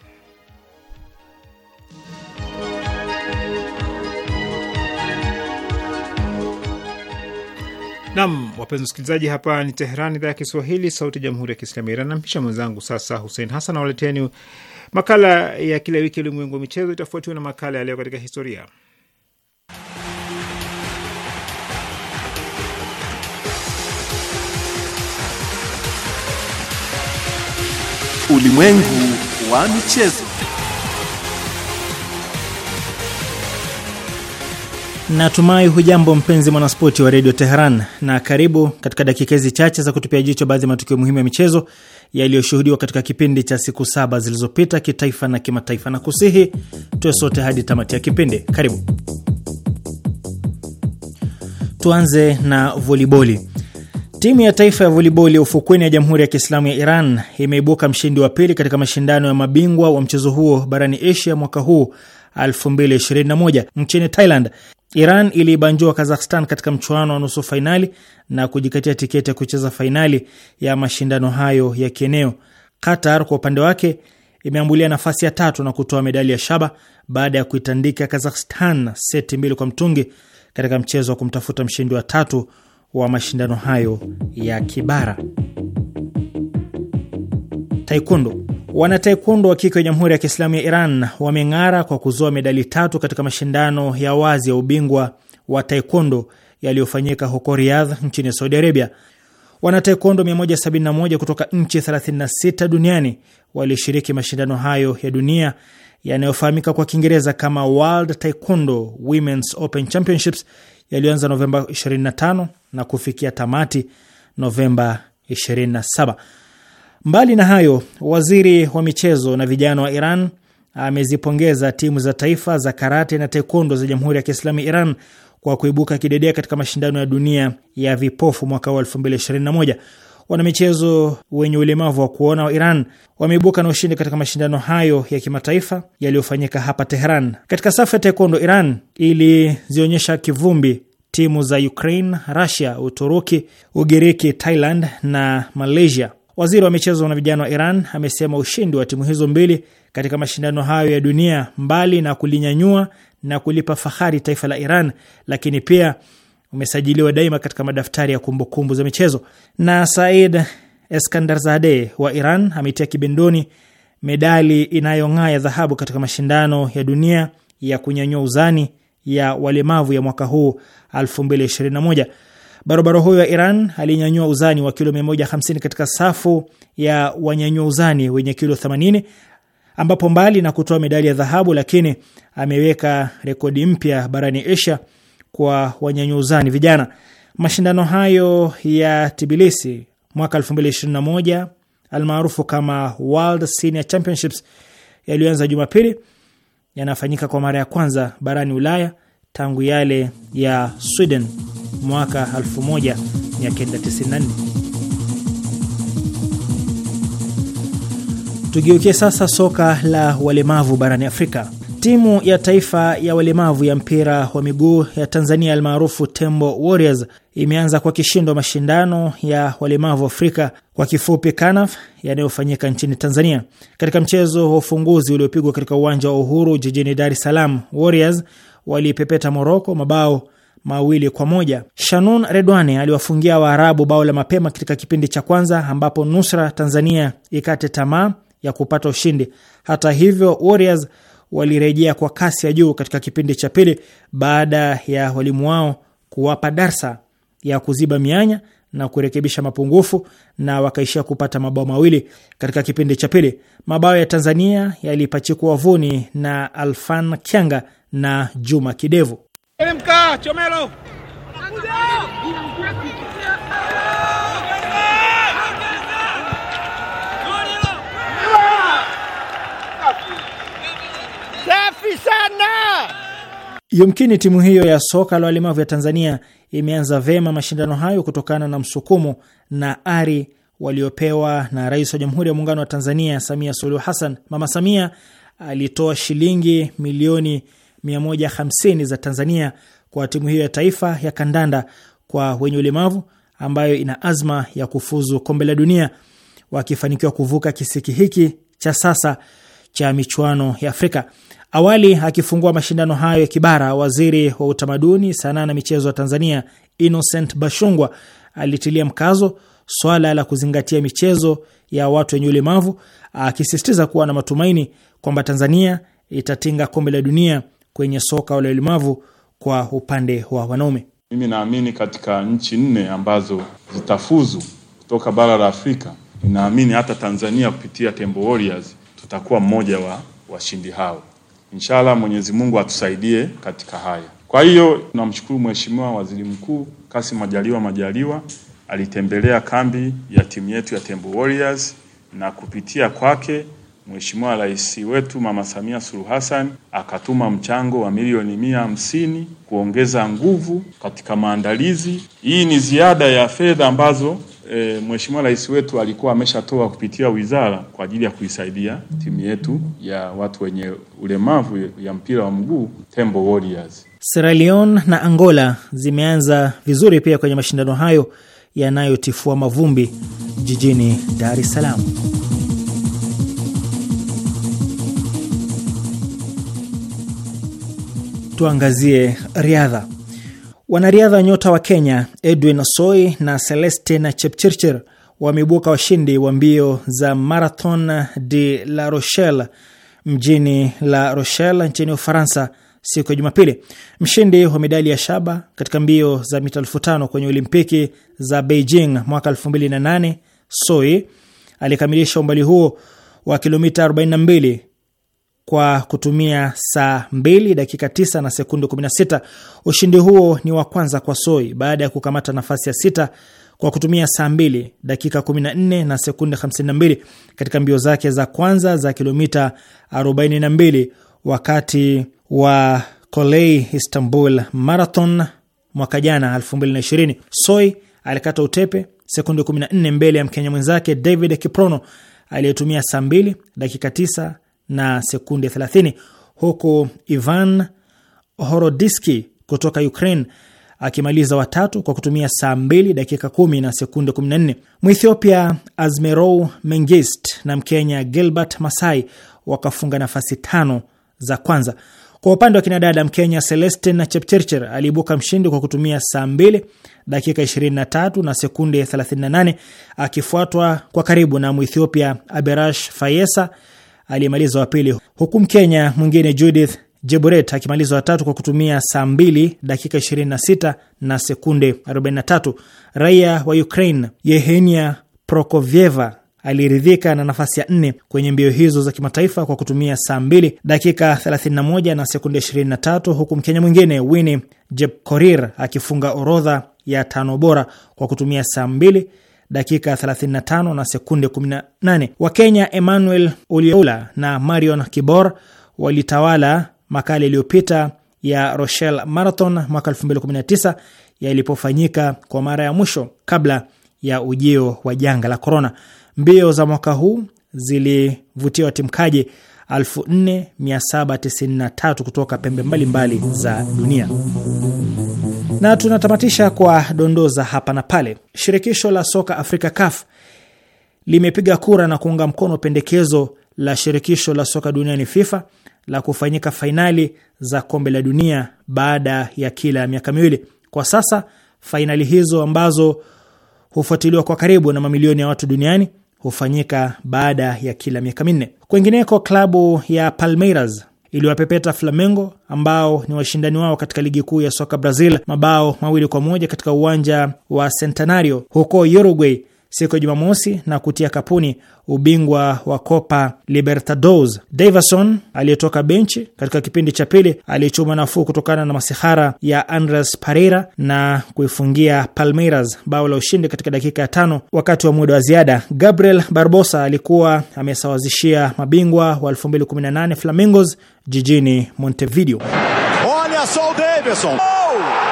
Nam, wapenzi usikilizaji hapa ni Teheran, idhaa ya Kiswahili, sauti ya jamhuri ya kiislamu ya Iran. Nampisha mwenzangu sasa Husein Hasan awaleteni makala ya kila wiki ya ulimwengu wa michezo, itafuatiwa na makala ya leo katika historia Ulimwengu wa michezo. Natumai hujambo mpenzi mwanaspoti wa redio Teheran, na karibu katika dakika hizi chache za kutupia jicho baadhi ya matukio muhimu ya michezo yaliyoshuhudiwa katika kipindi cha siku saba zilizopita kitaifa na kimataifa, na kusihi tuwe sote hadi tamati ya kipindi. Karibu tuanze na voliboli. Timu ya taifa ya volleyball ya ufukweni ya Jamhuri ya Kiislamu ya Iran imeibuka mshindi wa pili katika mashindano ya mabingwa wa mchezo huo barani Asia mwaka huu 2021 nchini Thailand. Iran iliibanjua Kazakhstan katika mchuano wa nusu fainali na kujikatia tiketi ya kucheza fainali ya mashindano hayo ya kieneo. Qatar kwa upande wake imeambulia nafasi ya tatu na kutoa medali ya shaba baada ya kuitandika Kazakhstan seti mbili kwa mtungi katika mchezo wa kumtafuta mshindi wa tatu wa mashindano hayo ya kibara. Taekwondo. Wanataekwondo wa kike wa Jamhuri ya Kiislamu ya Iran wameng'ara kwa kuzoa medali tatu katika mashindano ya wazi ya ubingwa wa taekwondo yaliyofanyika huko Riyadh nchini Saudi Arabia. Wanataekwondo 171 kutoka nchi 36 duniani walishiriki mashindano hayo ya dunia yanayofahamika kwa Kiingereza kama World Taekwondo Women's Open Championships yaliyoanza Novemba 25 na kufikia tamati Novemba 27. Mbali na hayo, waziri wa michezo na vijana wa Iran amezipongeza timu za taifa za karate na taekwondo za Jamhuri ya Kiislamu Iran kwa kuibuka kidedea katika mashindano ya dunia ya vipofu mwaka wa 2021. Wanamichezo wenye ulemavu wa kuona wa Iran wameibuka na ushindi katika mashindano hayo ya kimataifa yaliyofanyika hapa Teheran. Katika safu ya taekwondo, Iran ilizionyesha kivumbi timu za Ukraine, Russia, Uturuki, Ugiriki, Thailand na Malaysia. Waziri wa michezo na vijana wa Iran amesema ushindi wa timu hizo mbili katika mashindano hayo ya dunia, mbali na kulinyanyua na kulipa fahari taifa la Iran, lakini pia umesajiliwa daima katika madaftari ya kumbukumbu za michezo. Na Said Eskandarzadeh wa Iran ametia kibendoni medali inayong'aa ya dhahabu katika mashindano ya dunia ya kunyanyua uzani ya walemavu ya mwaka huu 2021. Barobaro huyo wa Iran alinyanyua uzani wa kilo 150 katika safu ya wanyanyua uzani wenye kilo 80, ambapo mbali na kutoa medali ya dhahabu, lakini ameweka rekodi mpya barani Asia kwa wanyanyuzani vijana. Mashindano hayo ya Tbilisi mwaka 2021 almaarufu kama World Senior Championships yaliyoanza Jumapili yanafanyika kwa mara ya kwanza barani Ulaya tangu yale ya Sweden mwaka 1994. Tugeukie sasa soka la walemavu barani Afrika. Timu ya taifa ya walemavu ya mpira wa miguu ya Tanzania almaarufu Tembo Warriors imeanza kwa kishindo mashindano ya walemavu Afrika kwa kifupi KANAF yanayofanyika nchini Tanzania. Katika mchezo wa ufunguzi uliopigwa katika uwanja wa Uhuru jijini Dar es Salaam, Warriors walipepeta Moroko mabao mawili kwa moja. Shanun Redwane aliwafungia Waarabu bao la mapema katika kipindi cha kwanza, ambapo nusra Tanzania ikate tamaa ya kupata ushindi. Hata hivyo Warriors walirejea kwa kasi ya juu katika kipindi cha pili baada ya walimu wao kuwapa darsa ya kuziba mianya na kurekebisha mapungufu na wakaishia kupata mabao mawili katika kipindi cha pili. Mabao ya Tanzania yalipachikwa wavuni na Alfan kianga na Juma Kidevu. Mka, chomelo. sana. Yumkini timu hiyo ya soka la walemavu ya Tanzania imeanza vema mashindano hayo kutokana na msukumo na ari waliopewa na Rais wa Jamhuri ya Muungano wa Tanzania Samia Suluhu Hassan. Mama Samia alitoa shilingi milioni 150 za Tanzania kwa timu hiyo ya taifa ya kandanda kwa wenye ulemavu ambayo ina azma ya kufuzu kombe la dunia wakifanikiwa kuvuka kisiki hiki cha sasa cha michuano ya Afrika. Awali akifungua mashindano hayo ya kibara, waziri wa utamaduni, sanaa na michezo wa Tanzania Innocent Bashungwa alitilia mkazo swala la kuzingatia michezo ya watu wenye ulemavu, akisisitiza kuwa na matumaini kwamba Tanzania itatinga kombe la dunia kwenye soka la ulemavu kwa upande wa wanaume. Mimi naamini katika nchi nne ambazo zitafuzu kutoka bara la Afrika, ninaamini hata Tanzania kupitia Tembo Warriors tutakuwa mmoja wa washindi hao. Inshallah Mwenyezi Mungu atusaidie katika haya. Kwa hiyo tunamshukuru Mheshimiwa Waziri Mkuu Kassim Majaliwa Majaliwa alitembelea kambi ya timu yetu ya Tembo Warriors na kupitia kwake Mheshimiwa Rais wetu Mama Samia Suluhu Hassan akatuma mchango wa milioni mia hamsini kuongeza nguvu katika maandalizi. Hii ni ziada ya fedha ambazo e, Mheshimiwa Rais wetu alikuwa ameshatoa kupitia wizara kwa ajili ya kuisaidia timu yetu ya watu wenye ulemavu ya mpira wa mguu Tembo Warriors. Sierra Leone na Angola zimeanza vizuri pia kwenye mashindano hayo yanayotifua mavumbi jijini Dar es Salaam. Tuangazie riadha. Wanariadha nyota wa Kenya Edwin Soi na Celestin Chepchirchir wameibuka washindi wa mbio za Marathon de la Rochelle mjini La Rochelle nchini Ufaransa siku ya Jumapili. Mshindi wa medali ya shaba katika mbio za mita elfu tano kwenye Olimpiki za Beijing mwaka nane Soi alikamilisha umbali huo wa kilomita 42 kwa kutumia saa 2 dakika 9 na sekunde 16. Ushindi huo ni wa kwanza kwa Soi baada ya kukamata nafasi ya sita kwa kutumia saa 2 dakika 14 na sekunde 52 katika mbio zake za kwanza za kilomita 42 wakati wa Kolei Istanbul Marathon mwaka jana 2020. Soi alikata utepe sekunde 14 mbele ya Mkenya mwenzake David Kiprono aliyetumia saa 2 dakika 9 na sekunde 30 huku Ivan Horodiski kutoka Ukraine akimaliza watatu kwa kutumia saa 2 dakika 10 na sekunde 14. Mwethiopia Azmerou Mengist na Mkenya Gilbert Masai wakafunga nafasi tano za kwanza. Kwa upande wa kinadada, Mkenya Celestin Chepchirchir aliibuka mshindi kwa kutumia saa 2 dakika 23 na sekunde 38, akifuatwa kwa karibu na Mwethiopia Aberash Fayesa aliyemaliza wa pili, huku Mkenya mwingine Judith Jeburet akimaliza watatu kwa kutumia saa 2 dakika 26 na sekunde 43. Raia wa Ukraine Yehenia Prokovyeva aliridhika na nafasi ya nne kwenye mbio hizo za kimataifa kwa kutumia saa 2 dakika 31 na sekunde 23, huku Mkenya mwingine Winnie Jepkorir akifunga orodha ya tano bora kwa kutumia saa 2 dakika 35 na sekunde 18. Wakenya Emmanuel Olieula na Marion Kibor walitawala makala iliyopita ya Rochelle Marathon mwaka 2019 yalipofanyika kwa mara ya mwisho kabla ya ujio wa janga la korona. Mbio za mwaka huu zilivutia watimkaji 4793 kutoka pembe mbalimbali mbali za dunia. Na tunatamatisha kwa dondoza hapa na pale. Shirikisho la soka Afrika CAF limepiga kura na kuunga mkono pendekezo la shirikisho la soka duniani FIFA la kufanyika fainali za kombe la dunia baada ya kila miaka miwili. Kwa sasa fainali hizo ambazo hufuatiliwa kwa karibu na mamilioni ya watu duniani hufanyika baada ya kila miaka minne. Kwingineko, klabu ya Palmeiras iliwapepeta Flamengo ambao ni washindani wao katika ligi kuu ya soka Brazil mabao mawili kwa moja katika uwanja wa Centenario huko Uruguay siku ya Jumamosi na kutia kapuni ubingwa wa Copa Libertadores. Davison aliyetoka benchi katika kipindi cha pili alichuma nafuu kutokana na masihara ya Andres Pereira na kuifungia Palmeiras bao la ushindi katika dakika ya tano wakati wa muda wa ziada. Gabriel Barbosa alikuwa amesawazishia mabingwa wa 2018 Flamingos jijini Montevideo. Olha só o Oh!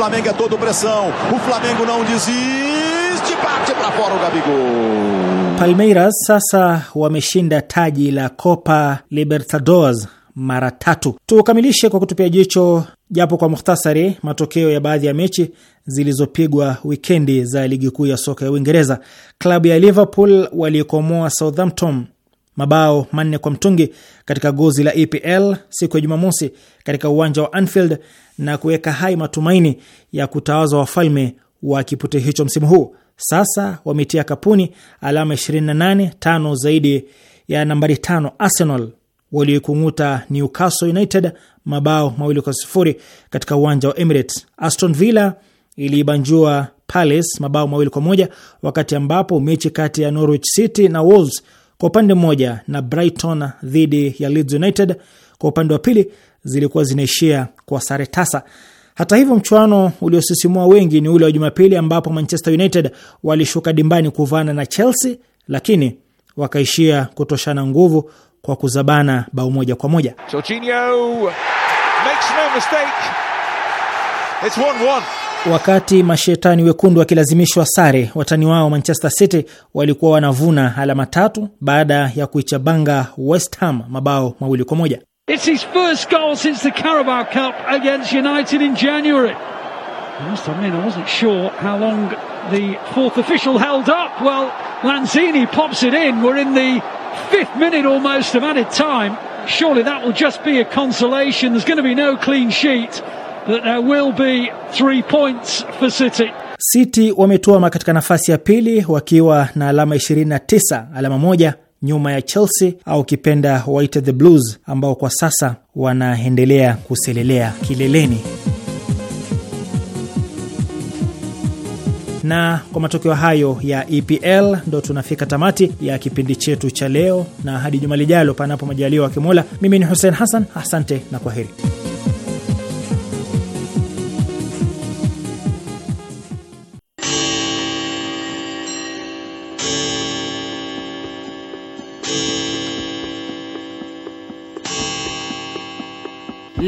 Flamengo é todo pressão. O Flamengo não desiste. Bate para fora o Gabigol. Palmeiras sasa wameshinda taji la Copa Libertadores mara tatu. Tukamilishe kwa kutupia jicho japo kwa muhtasari matokeo ya baadhi ya mechi zilizopigwa wikendi za ligi kuu ya soka ya Uingereza. Klabu ya Liverpool walikomoa Southampton mabao manne kwa mtungi katika gozi la EPL siku ya Jumamosi katika uwanja wa Anfield na kuweka hai matumaini ya kutawaza wafalme wa kipute hicho msimu huu. Sasa wametia kapuni alama 28, tano zaidi ya nambari tano Arsenal walioikung'uta Newcastle United mabao mawili kwa sifuri katika uwanja wa Emirates. Aston Villa iliibanjua Palace mabao mawili kwa moja wakati ambapo mechi kati ya Norwich City na Wolves kwa upande mmoja na Brighton dhidi ya Leeds United kwa upande wa pili zilikuwa zinaishia kwa sare tasa. Hata hivyo, mchuano uliosisimua wengi ni ule wa Jumapili ambapo Manchester United walishuka dimbani kuvana na Chelsea, lakini wakaishia kutoshana nguvu kwa kuzabana bao moja kwa moja. Wakati mashetani wekundu wakilazimishwa sare, watani wao Manchester City walikuwa wanavuna alama tatu baada ya kuichabanga West Ham mabao mawili kwa moja. It's his first goal since the Carabao Cup against United in January. I must admit, I wasn't sure how long the fourth official held up. Well, Lanzini pops it in. We're in the fifth minute almost of added time. Surely that will just be a consolation. There's going to be no clean sheet, but there will be three points for City. City wametuama katika nafasi ya pili wakiwa na alama 29, alama moja nyuma ya Chelsea au kipenda waite the Blues, ambao kwa sasa wanaendelea kuselelea kileleni. na kwa matokeo hayo ya EPL ndo tunafika tamati ya kipindi chetu cha leo, na hadi juma lijalo, panapo majaliwa wa Kimola. Mimi ni Hussein Hassan, asante na kwa heri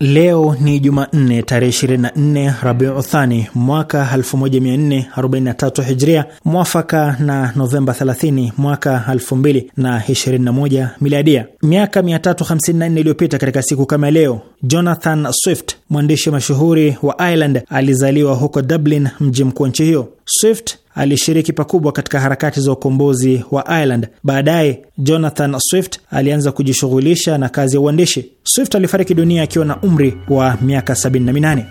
Leo ni Jumanne tarehe 24 Rabiu Thani mwaka 1443 Hijria, mwafaka na Novemba 30 mwaka 2021 Miladia. Miaka 354 iliyopita katika siku kama leo, Jonathan Swift, mwandishi mashuhuri wa Ireland, alizaliwa huko Dublin, mji mkuu wa nchi hiyo. Swift alishiriki pakubwa katika harakati za ukombozi wa Ireland. Baadaye Jonathan Swift alianza kujishughulisha na kazi ya uandishi. Swift alifariki dunia akiwa na umri wa miaka 78.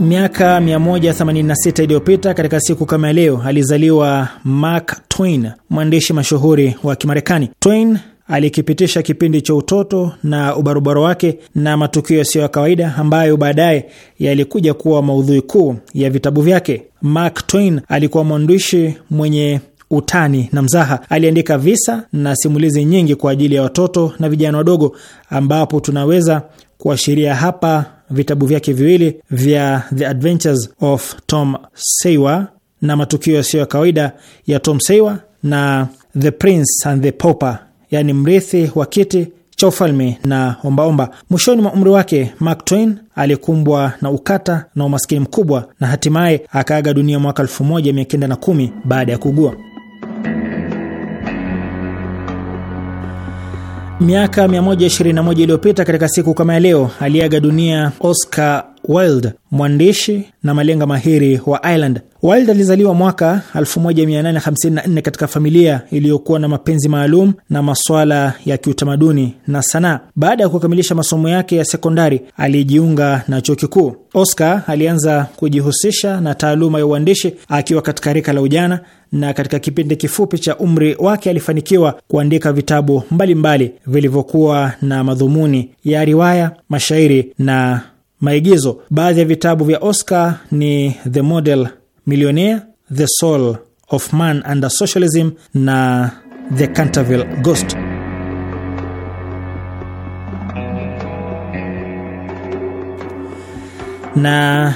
Miaka 186 iliyopita katika siku kama ya leo alizaliwa Mark Twain, mwandishi mashuhuri wa Kimarekani. Twain alikipitisha kipindi cha utoto na ubarobaro wake na matukio yasiyo ya kawaida ambayo baadaye yalikuja kuwa maudhui kuu ya vitabu vyake. Mark Twain alikuwa mwandishi mwenye utani na mzaha. Aliandika visa na simulizi nyingi kwa ajili ya watoto na vijana wadogo, ambapo tunaweza kuashiria hapa vitabu vyake viwili vya The Adventures of Tom Sawyer na matukio yasiyo ya kawaida ya Tom Sawyer na The Prince and the Pauper yaani mrithi wa kiti cha ufalme na ombaomba. Mwishoni mwa umri wake, Mark Twain alikumbwa na ukata na umaskini mkubwa na hatimaye akaaga dunia mwaka 1910 baada ya kugua. Miaka 121 iliyopita katika siku kama ya leo aliaga dunia Oscar wild mwandishi na malenga mahiri wa Ireland. wild alizaliwa mwaka 1854 katika familia iliyokuwa na mapenzi maalum na maswala ya kiutamaduni na sanaa. Baada ya kukamilisha masomo yake ya sekondari, alijiunga na chuo kikuu. Oscar alianza kujihusisha na taaluma ya uandishi akiwa katika rika la ujana, na katika kipindi kifupi cha umri wake alifanikiwa kuandika vitabu mbalimbali vilivyokuwa na madhumuni ya riwaya, mashairi na maigizo. Baadhi ya vitabu vya Oscar ni The Model Millionaire, The Soul of Man Under Socialism na The Canterville Ghost. Na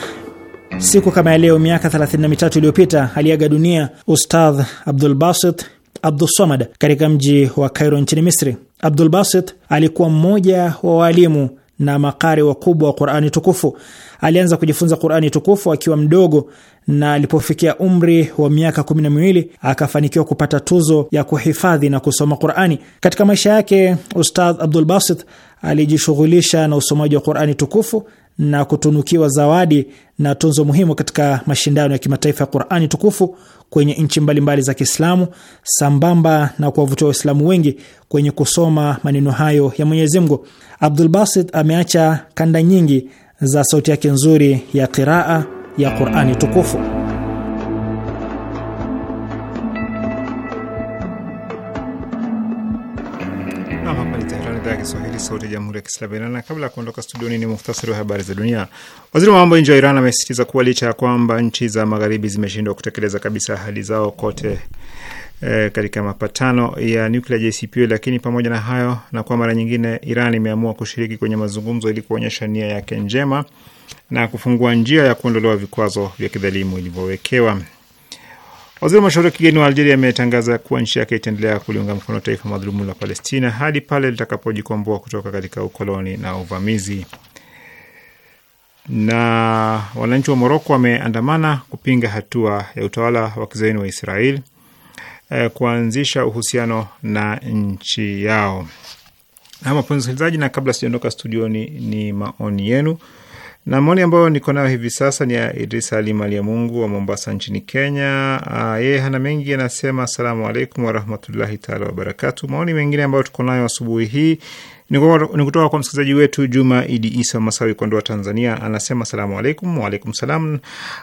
siku kama ya leo miaka 33 iliyopita aliaga dunia Ustadh Abdul Basit Abdul Samad katika mji wa Cairo nchini Misri. Abdul Basit alikuwa mmoja wa waalimu na makari wakubwa wa Qur'ani tukufu. Alianza kujifunza Qur'ani tukufu akiwa mdogo na alipofikia umri wa miaka kumi na miwili akafanikiwa kupata tuzo ya kuhifadhi na kusoma Qur'ani. Katika maisha yake, Ustadh Abdul Basit alijishughulisha na usomaji wa Qur'ani tukufu na kutunukiwa zawadi na tunzo muhimu katika mashindano ya kimataifa ya Qur'ani tukufu kwenye nchi mbalimbali za Kiislamu sambamba na kuwavutia Waislamu wengi kwenye kusoma maneno hayo ya Mwenyezi Mungu. Abdul Basit ameacha kanda nyingi za sauti yake nzuri ya qiraa ya Qur'ani tukufu. Kiswahili, sauti ya jamhuri ya kiislamu Iran. Na kabla ya kuondoka studioni, ni muhtasari wa habari za dunia. Waziri wa mambo ya nje wa Iran amesisitiza kuwa licha ya kwamba nchi za magharibi zimeshindwa kutekeleza kabisa ahadi zao kote E, katika mapatano ya nuclear JCPOA, lakini pamoja na hayo na kwa mara nyingine Iran imeamua kushiriki kwenye mazungumzo ili kuonyesha nia yake njema na kufungua njia ya kuondolewa vikwazo vya kidhalimu ilivyowekewa. Waziri wa mashauri ya kigeni wa Algeria ametangaza kuwa nchi yake itaendelea kuliunga mkono taifa madhulumu la Palestina hadi pale litakapojikomboa kutoka katika ukoloni na uvamizi. Na wananchi wa Moroko wameandamana kupinga hatua ya utawala wa kizaini wa israel eh, kuanzisha uhusiano na nchi yao. Na mapenzi msikilizaji, na kabla sijaondoka studioni, ni maoni yenu na maoni ambayo niko nayo hivi sasa ni ya Idris Ali Mali ya Mungu wa Mombasa nchini Kenya. Ah, yeye hana mengi, anasema asalamu alaikum warahmatullahi taala wabarakatu. Maoni mengine ambayo tuko nayo asubuhi hii ni kutoka kwa msikilizaji wetu Juma Idi Isa Masawi, Kondoa, Tanzania. Anasema salamu alaikum. Waalaikum salam.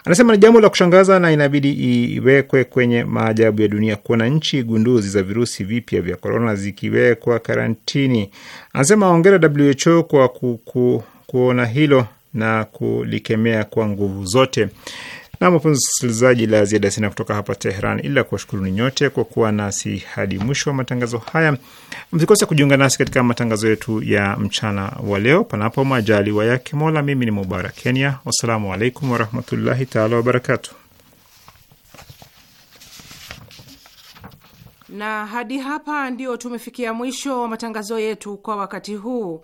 Anasema ni jambo la kushangaza na inabidi iwekwe kwenye maajabu ya dunia kuona nchi gunduzi za virusi vipya vya korona zikiwekwa karantini. Anasema ongera WHO kwa ku, kuona hilo na kulikemea kwa nguvu zote. Na mapenzi la ziada sina kutoka hapa Tehran, ila kuwashukuruni nyote kwa kuwa nasi hadi mwisho wa matangazo haya. Msikose kujiunga nasi katika matangazo yetu ya mchana wa leo, panapo majaliwa yake Mola. Mimi ni Mubarak Kenya, wassalamu alaikum warahmatullahi taala wabarakatu. Na hadi hapa ndio tumefikia mwisho wa matangazo yetu kwa wakati huu.